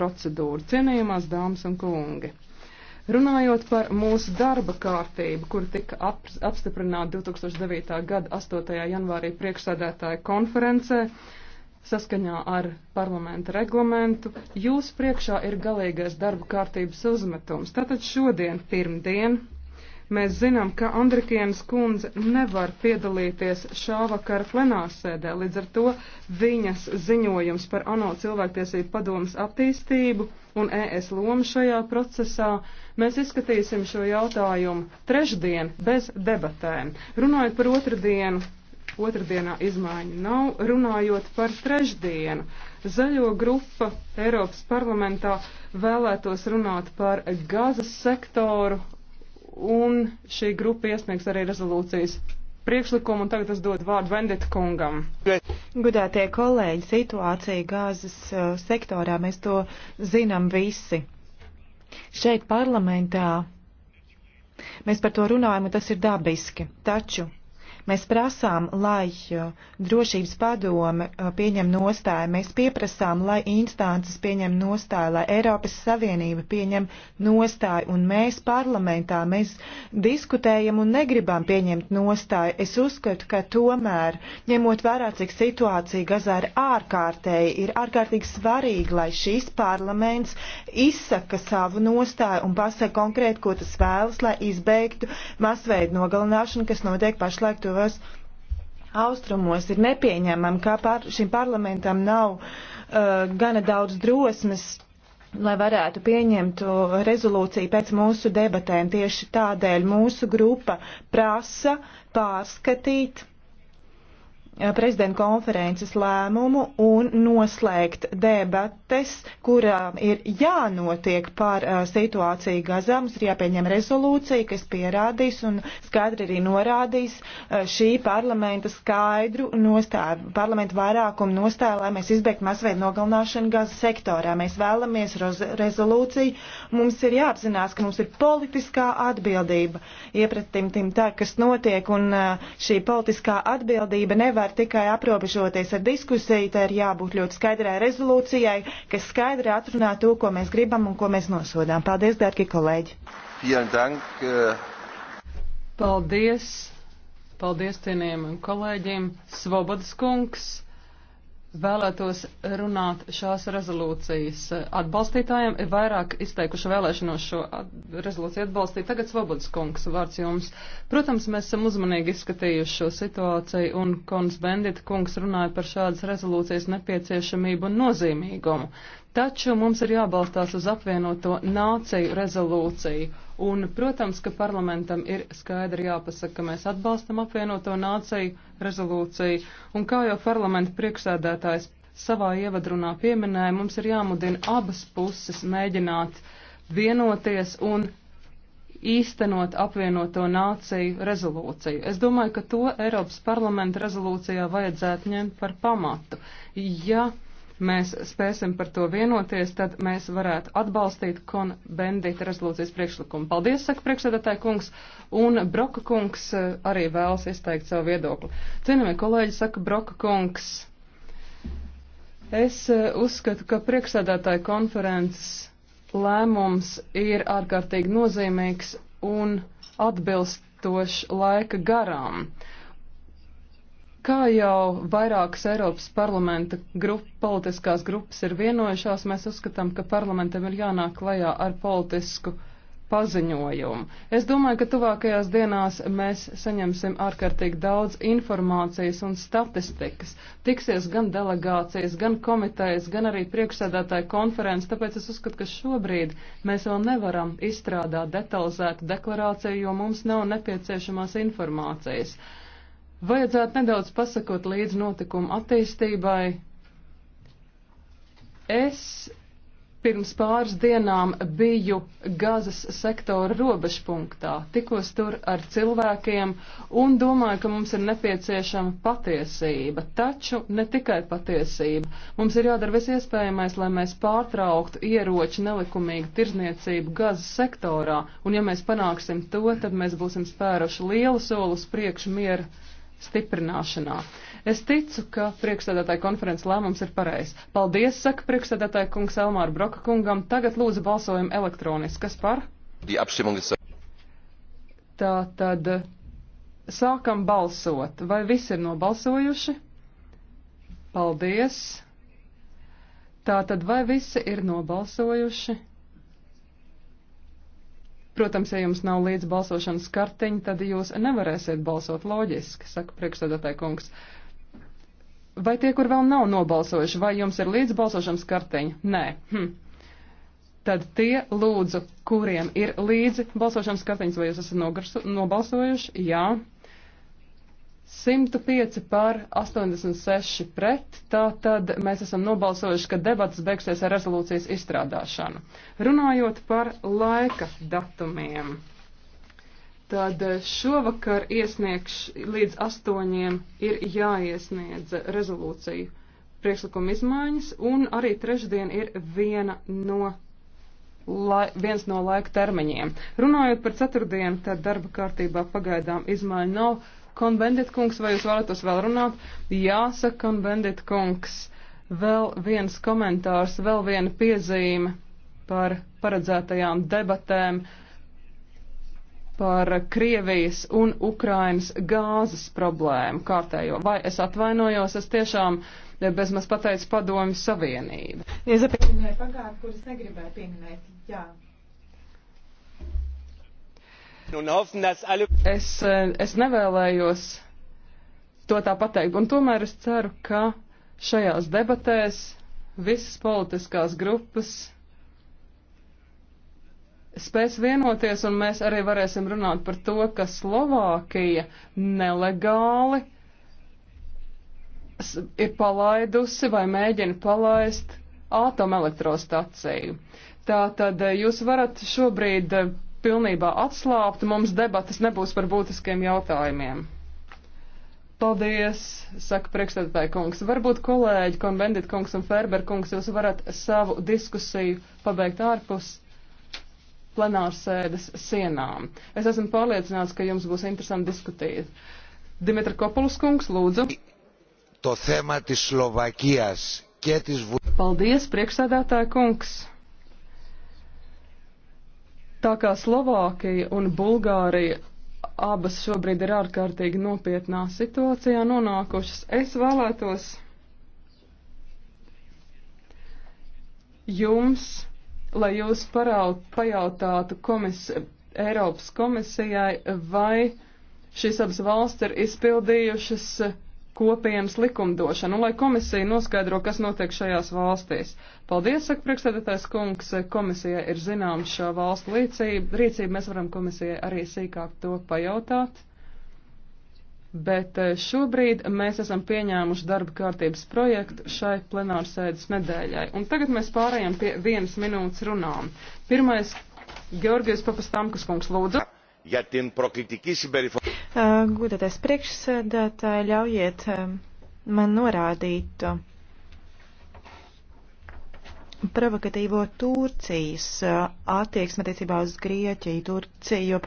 procedūru. Cienījumās dāmas un kungi! Runājot par mūsu darba kārtību, kur tika ap, apstiprināta 2009. gada 8. janvārī priekšsēdētāja konferencē, saskaņā ar parlamenta reglamentu, jūs priekšā ir galīgais darba kārtības uzmetums. Tātad šodien, pirmdien, Mēs zinām, ka Andrikienas kundze nevar piedalīties šā vakara plenārsēdē, līdz ar to viņas ziņojums par ANO cilvēktiesību padomas attīstību un ES lomu šajā procesā. Mēs izskatīsim šo jautājumu trešdien bez debatēm. Runājot par otrdienu, otrdienā izmaiņu nav, runājot par trešdienu. Zaļo grupa Eiropas parlamentā vēlētos runāt par gazas sektoru un šī grupa iesniegs arī rezolūcijas priekšlikumu, un tagad es dodu vārdu Vendita kungam. Gudētie kolēģi, situācija gāzes uh, sektorā, mēs to zinām visi. Šeit parlamentā mēs par to runājam, un tas ir dabiski. Taču Mēs prasām, lai uh, drošības padome uh, pieņem nostāju, mēs pieprasām, lai instances pieņem nostāju, lai Eiropas Savienība pieņem nostāju, un mēs parlamentā, mēs diskutējam un negribam pieņemt nostāju. Es uzskatu, ka tomēr, ņemot vērā, cik situācija Gazā ir ārkārtēji, ir ārkārtīgi svarīgi, lai šis parlaments izsaka savu nostāju un pasaka konkrēti, ko tas vēlas, lai izbeigtu masveidu nogalināšanu, kas notiek pašlaik. To tuvējos austrumos. Ir nepieņemam, kā pār, šim parlamentam nav uh, gana daudz drosmes lai varētu pieņemt rezolūciju pēc mūsu debatēm. Tieši tādēļ mūsu grupa prasa pārskatīt Eh, prezidenta konferences lēmumu un noslēgt debates, kurām ir jānotiek par eh, situāciju Gazā. Mums ir jāpieņem rezolūcija, kas pierādīs un skaidri arī norādīs eh, šī parlamenta skaidru nostāju, parlamenta vairākumu nostāju, lai mēs izbeigtu masveidu nogalināšanu Gazas sektorā. Mēs vēlamies rezolūciju. Mums ir jāapzinās, ka mums ir politiskā atbildība iepratim tim tā, kas notiek, un šī politiskā atbildība nevar nevar tikai aprobežoties ar diskusiju, tai ir jābūt ļoti skaidrai rezolūcijai, kas skaidri atrunā to, ko mēs gribam un ko mēs nosodām. Paldies, dārgie kolēģi! Eh. Paldies! Paldies cienījumiem kolēģiem! Svobodas kungs! vēlētos runāt šās rezolūcijas atbalstītājiem. Ir vairāk izteikuši vēlēšanos šo rezolūciju atbalstīt. Tagad Svobodas kungs vārds jums. Protams, mēs esam uzmanīgi izskatījuši šo situāciju, un Kons Bendita kungs runāja par šādas rezolūcijas nepieciešamību un nozīmīgumu. Taču mums ir jābalstās uz apvienoto nāciju rezolūciju Un, protams, ka parlamentam ir skaidri jāpasaka, ka mēs atbalstam apvienoto nāciju rezolūciju. Un kā jau parlamenta priekšsēdētājs savā ievadrunā pieminēja, mums ir jāmudina abas puses mēģināt vienoties un īstenot apvienoto nāciju rezolūciju. Es domāju, ka to Eiropas parlamenta rezolūcijā vajadzētu ņemt par pamatu. Ja mēs spēsim par to vienoties, tad mēs varētu atbalstīt konbendita rezolūcijas priekšlikumu. Paldies, saka priekšsēdētāja kungs, un Broka kungs eh, arī vēlas izteikt savu viedokli. Cienījamie kolēģi, saka Broka kungs, es eh, uzskatu, ka priekšsēdētāja konferences lēmums ir ārkārtīgi nozīmīgs un atbilstošs laika garām. Kā jau vairākas Eiropas parlamenta grup, politiskās grupas ir vienojušās, mēs uzskatām, ka parlamentam ir jānāk klajā ar politisku paziņojumu. Es domāju, ka tuvākajās dienās mēs saņemsim ārkārtīgi daudz informācijas un statistikas. Tiksies gan delegācijas, gan komitejas, gan arī priekšsēdētāja konferences, tāpēc es uzskatu, ka šobrīd mēs vēl nevaram izstrādāt detalizētu deklarāciju, jo mums nav nepieciešamās informācijas. Vajadzētu nedaudz pasakot līdz notikumu attīstībai. Es pirms pāris dienām biju Gazas sektora robežpunktā, tikos tur ar cilvēkiem un domāju, ka mums ir nepieciešama patiesība, taču ne tikai patiesība. Mums ir jādara viss iespējamais, lai mēs pārtrauktu ieroču nelikumīgu tirzniecību Gazas sektorā, un ja mēs panāksim to, tad mēs būsim spēruši lielu soli uz priekšu miera stiprināšanā. Es ticu, ka priekšstādātāja konferences lēmums ir pareizs. Paldies, saka priekšstādātāja kungs Elmāra Broka kungam. Tagad lūdzu balsojam elektroniski. Kas par? Tā tad sākam balsot. Vai visi ir nobalsojuši? Paldies. Tā tad vai visi ir nobalsojuši? Protams, ja jums nav līdz balsošanas kartiņa, tad jūs nevarēsiet balsot loģiski, saka priekšsēdētāja kungs. Vai tie, kur vēl nav nobalsojuši, vai jums ir līdz balsošanas kartiņa? Nē. Hm. Tad tie lūdzu, kuriem ir līdzi balsošanas kartiņas, vai jūs esat nobalsojuši? Jā. 105 pār 86 pret, tā tad mēs esam nobalsojuši, ka debats beigsies ar rezolūcijas izstrādāšanu. Runājot par laika datumiem, tad šovakar iesniegš līdz astoņiem ir jāiesniedz rezolūciju priekšlikuma izmaiņas, un arī trešdien ir viena no lai, viens no laika termiņiem. Runājot par ceturtdienu, tad darba kārtībā pagaidām izmaiņu nav. Konbendit kungs, vai jūs vēlatos vēl runāt? Jāsaka, konbendit kungs, vēl viens komentārs, vēl viena piezīme par paredzētajām debatēm par Krievijas un Ukrainas gāzes problēmu kārtējo. Vai es atvainojos, es tiešām bezmaz pateicu padomju savienību. Ja pagātni, kuras negribēju pieminēt, jā. Es, eh, es nevēlējos to tā pateikt, un tomēr es ceru, ka šajās debatēs visas politiskās grupas spēs vienoties, un mēs arī varēsim runāt par to, ka Slovākija nelegāli ir palaidusi vai mēģina palaist atomelektrostaciju. Tātad eh, jūs varat šobrīd eh, pilnībā atslābta, mums debatas nebūs par būtiskiem jautājumiem. Paldies, saka priekšstādātāja kungs. Varbūt kolēģi, konbendit kungs un Ferber kungs, jūs varat savu diskusiju pabeigt ārpus plenārsēdes sienām. Es esmu pārliecināts, ka jums būs interesanti diskutēt. Dimitra Kopulus kungs, lūdzu. To tēma tis Slovākijas. Paldies, priekšstādātāja kungs. Tā kā Slovākija un Bulgārija abas šobrīd ir ārkārtīgi nopietnā situācijā nonākušas, es vēlētos jums, lai jūs paraud, pajautātu komis, Eiropas komisijai, vai šīs abas valsts ir izpildījušas kopienas likumdošanu, un lai komisija noskaidro, kas notiek šajās valstīs. Paldies, saka priekšsēdētājs kungs, komisija ir zināms šā valstu līdzība, rīcība mēs varam komisijai arī sīkāk to pajautāt. Bet eh, šobrīd mēs esam pieņēmuši darba kārtības projektu šai plenārsēdes nedēļai. Un tagad mēs pārējām pie vienas minūtes runām. Pirmais, Georgijas Papastamkas kungs, lūdzu. Ja Eh, Gudētais priekšsēdētāji, ļaujiet eh, man norādīt provokatīvo Turcijas eh, attieksmi attiecībā uz Grieķiju. Turcija joprojām.